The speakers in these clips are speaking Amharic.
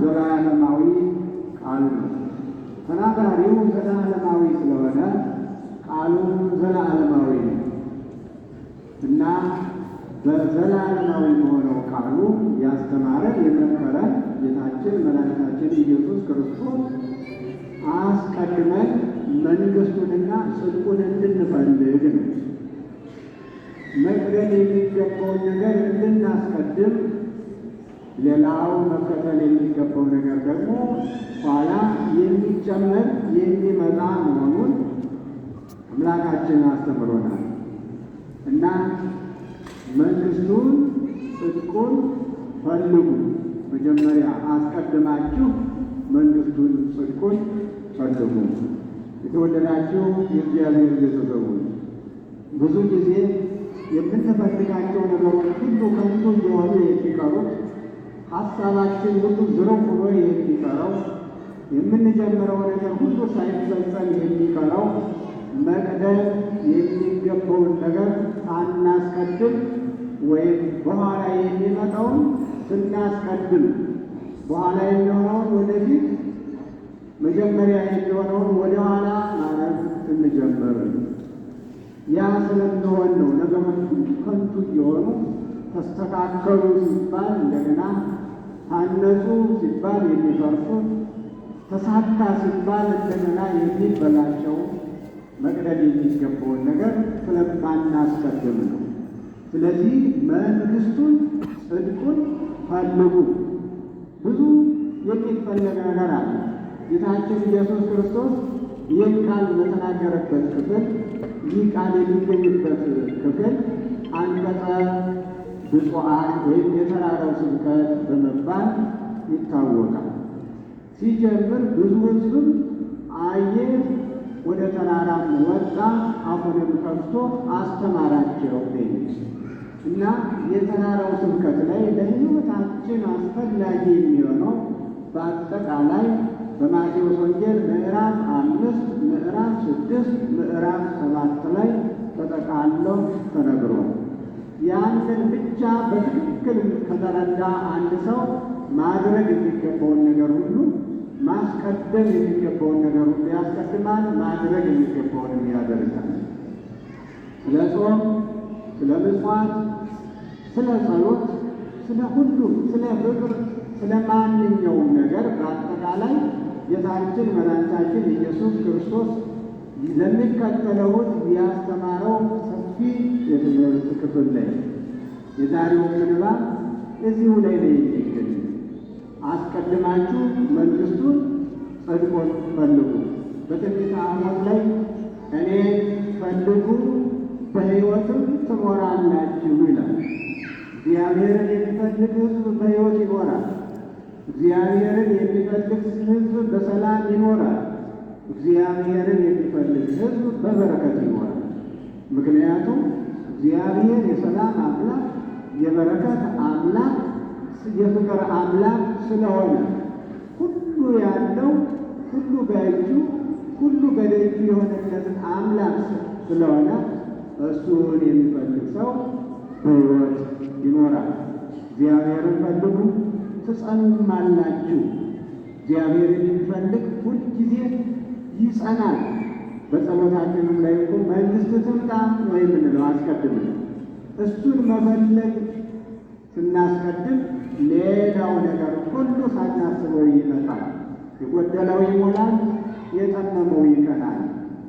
ዘላለማዊ ቃሉ ነው። ተናጋሪው ዘላለማዊ ስለሆነ ቃሉ ዘላለማዊ ነው እና በዘላለማዊ በሆነው ቃሉ ያስተማረን የመከረን ጌታችን መድኃኒታችን ኢየሱስ ክርስቶስ አስቀድመን መንግስቱንና ጽድቁን እንድንፈልግ ነው። መቅደም የሚገባውን ነገር እንድናስቀድም ሌላው መከተል የሚገባው ነገር ደግሞ ኋላ የሚጨመር የሚመጣ መሆኑን አምላካችን አስተምሮናል እና መንግስቱን ጽድቁን ፈልጉ፣ መጀመሪያ አስቀድማችሁ መንግስቱን ጽድቁን ፈልጉ። የተወለዳችሁ የእግዚአብሔር ቤተሰቦች ብዙ ጊዜ የምንፈልጋቸው ነገ ሀሳባችን ሁሉ ዝሮ ብሎ የሚቀረው የምንጀምረው ነገር ሁሉ ሳይፈጸም የሚቀረው መቅደም የሚገባውን ነገር አናስቀድም ወይም በኋላ የሚመጣውን ስናስቀድም በኋላ የሚሆነውን ወደፊት መጀመሪያ የሚሆነውን ወደኋላ ማለት እንጀምር። ያ ስለሚሆን ነው ነገሮች ከንቱ እየሆኑ ተስተካከሉ ሲባል እንደገና አነሱ ሲባል የሚፈርሱት ተሳካ ሲባል እንደገና የሚበላቸው መቅደል የሚገባውን ነገር ስለማናስቀድም ነው። ስለዚህ መንግስቱን፣ ጽድቁን ፈልጉ። ብዙ የሚፈለግ ነገር አለ። ጌታችን ኢየሱስ ክርስቶስ ይህን ቃል በተናገረበት ክፍል ይህ ቃል የሚገኝበት ክፍል አንቀጸ ብፁዓን ወይም የተራራው ስብከት በመባል ይታወቃል። ሲጀምር ብዙ ሕዝብም አየ፣ ወደ ተራራም ወጣ፣ አፉንም ከፍቶ አስተማራቸው ይል እና የተራራው ስብከት ላይ ለሕይወታችን አስፈላጊ የሚሆነው በአጠቃላይ በማቴዎስ ወንጌል ምዕራፍ አምስት ምዕራፍ ስድስት ምዕራፍ ሰባት ላይ ተጠቃሎ ተነግሯል። ያንተን ብቻ በትክክል ከተረዳ አንድ ሰው ማድረግ የሚገባውን ነገር ሁሉ ማስቀደም የሚገባውን ነገር ሁሉ ያስቀድማል። ማድረግ የሚገባውን ያደርጋል። ስለ ጾም፣ ስለ ምጽዋት፣ ስለ ጸሎት፣ ስለ ሁሉ፣ ስለ ፍቅር፣ ስለ ማንኛውም ነገር በአጠቃላይ ጌታችን መድኃኒታችን ኢየሱስ ክርስቶስ ለሚከተለውት ያስተማረው ሰፊ የትምህርት ክፍል ላይ የዛሬው ምንባብ እዚሁ ላይ ነው የሚገኝ። አስቀድማችሁ መንግስቱን ጽድቁን ፈልጉ። በትንቢተ አሞጽ ላይ እኔ ፈልጉ በሕይወትም ትኖራላችሁ ይላል። እግዚአብሔርን የሚፈልግ ሕዝብ በሕይወት ይኖራል። እግዚአብሔርን የሚፈልግ ሕዝብ በሰላም ይኖራል። እግዚአብሔርን የሚፈልግ ህዝብ በበረከት ይኖራል። ምክንያቱም እግዚአብሔር የሰላም አምላክ፣ የበረከት አምላክ፣ የፍቅር አምላክ ስለሆነ ሁሉ ያለው ሁሉ በእጁ ሁሉ በደጁ የሆነለትን አምላክ ስለሆነ እሱን የሚፈልግ ሰው በሕይወት ይኖራል። እግዚአብሔርን ፈልጉ ትጸኑማላችሁ። እግዚአብሔር የሚፈልግ ሁልጊዜ ይጸናል። በጸሎታችንም ላይ እኮ መንግሥት ትምጣ ነው የምንለው አስቀድመን። እሱን መፈለግ ስናስቀድም ሌላው ነገር ሁሉ ሳናስበው ይመጣል። የጎደለው ይሞላል፣ የጠመመው ይቀናል፣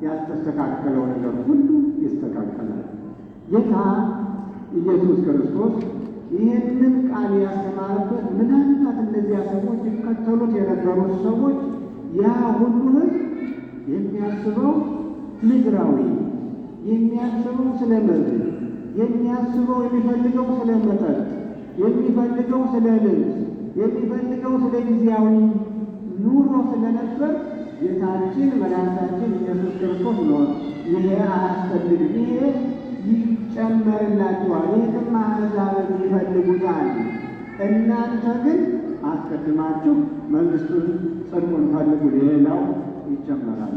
ያልተስተካከለው ነገር ሁሉ ይስተካከላል። ጌታ ኢየሱስ ክርስቶስ ይህንን ቃል ያስተማርበት ምናልባት እነዚያ ሰዎች ይከተሉት የነበሩት ሰዎች ያ ሁሉ ህዝብ የሚያስበው ምድራዊ፣ የሚያስበው ስለ የሚያስበው የሚፈልገው ስለ መጠጥ፣ የሚፈልገው ስለ ልብስ፣ የሚፈልገው ስለ ጊዜያዊ ኑሮ ስለነበር ጌታችን መድኃኒታችን ኢየሱስ ክርስቶስ ነው ይሄ አያስፈልግም፣ ይሄ ይጨመርላችኋል፣ ይህንም አሕዛብን ይፈልጉታል እናንተ ግን አስቀድማችሁ መንግስቱን ጽድቁን ፈልጉ ሌላው ይጀመራል።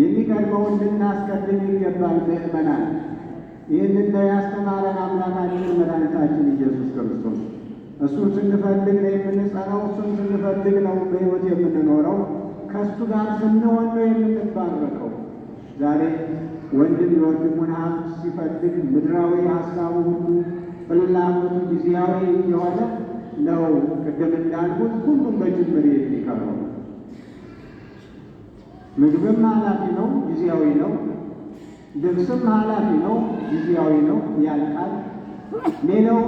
የሚቀድመውን ልናስቀድም ይገባል ምዕመናን። ይህንን ለያስተማረን አምላካችን መድኃኒታችን ኢየሱስ ክርስቶስ እሱን ስንፈልግ ነው የምንጸናው። እሱን ስንፈልግ ነው በሕይወት የምንኖረው። ከእሱ ጋር ስንሆን ነው የምንባረከው። ዛሬ ወንድም የወንድሙን ሀብት ሲፈልግ ምድራዊ ሀሳቡ ሁሉ ፍላጎቱ ጊዜያዊ የሆነ ነው። ቅድም እንዳልኩት ሁሉም በጅምር የሚቀረው ምግብም ኃላፊ ነው፣ ጊዜያዊ ነው። ልብስም ኃላፊ ነው፣ ጊዜያዊ ነው፣ ያልቃል። ሌላው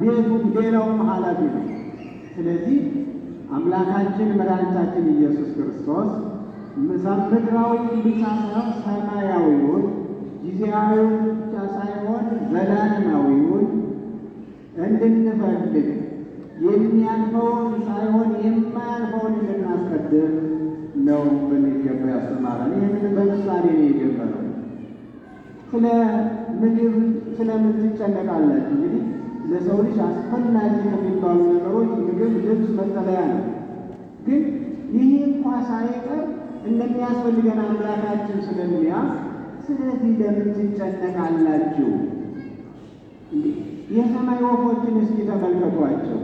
ቤቱም ሌላውም ኃላፊ ነው። ስለዚህ አምላካችን መድኃኒታችን ኢየሱስ ክርስቶስ ምድራዊ ብቻ ሳይሆን ሰማያዊውን፣ ጊዜያዊውን ብቻ ሳይሆን ዘላለማዊውን እንድንፈልግ የሚያልፈውን ሳይሆን የማያልፈው ስለ ምግብ ስለምን ትጨነቃላችሁ? እንግዲህ ለሰው ልጅ አስፈላጊ ከሚባሉ ነገሮች ምግብ፣ ልብስ መጠለያ ነው። ግን ይህ እንኳ ሳይቀር እንደሚያስፈልገን አምላካችን ስለሚያ ስለዚህ ለምን ትጨነቃላችሁ? የሰማይ ወፎችን እስኪ ተመልከቷቸው።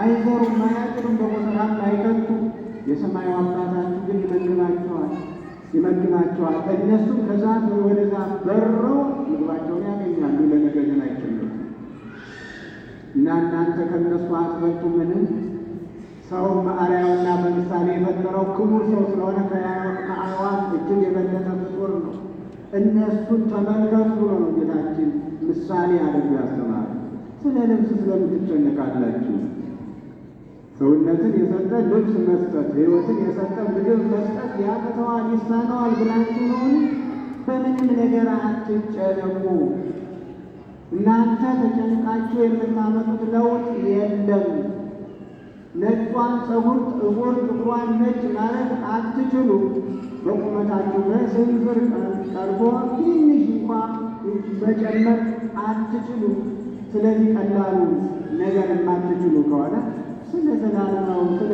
አይዘሩም፣ አያጭዱም፣ በቦተራ አይከቱም። የሰማዩ አባታችሁ ግን ይመግባቸዋል። ይመግናቸዋል። እነሱም ከዛፍ ወደ ዛፍ በረው ምግባቸውን ያገኛሉ፣ ለነገ ግን አይችሉም። እና እናንተ ከእነሱ አትበልጡ። ምንም ሰው በአርአያውና በምሳሌ የፈጠረው ክቡር ሰው ስለሆነ ከአዕዋፍ እጅግ የበለጠ ፍጡር ነው። እነሱን ተመልከቱ ብሎ ነው ጌታችን ምሳሌ አድርጎ ያስተማረ። ስለ ልብስ ስለምን ትጨነቃላችሁ? ሰውነትን የሰጠ ልብስ መስጠት፣ ሕይወትን የሰጠ ምግብ መስጠት ያቅተዋል፣ ይሳነዋል ብላችሁ ነውን? በምንም ነገር አትጨነቁ። እናንተ ተጨንቃችሁ የምታመጡት ለውጥ የለም። ነጯን ፀጉር ጥቁር ጥቁሯን ነጭ ማለት አትችሉ። በቁመታችሁ በስንፍር ቀርቦ ትንሽ እንኳ መጨመር አትችሉ። ስለዚህ ቀላሉ ነገር የማትችሉ ከሆነ ስለ ዘላለማው ስለ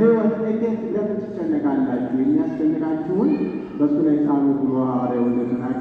ሕይወት እንዴት ለምን ትጨነቃላችሁ? የሚያስጨንቃችሁን ላይ ብሎ ሐዋርያው እንደተናገረ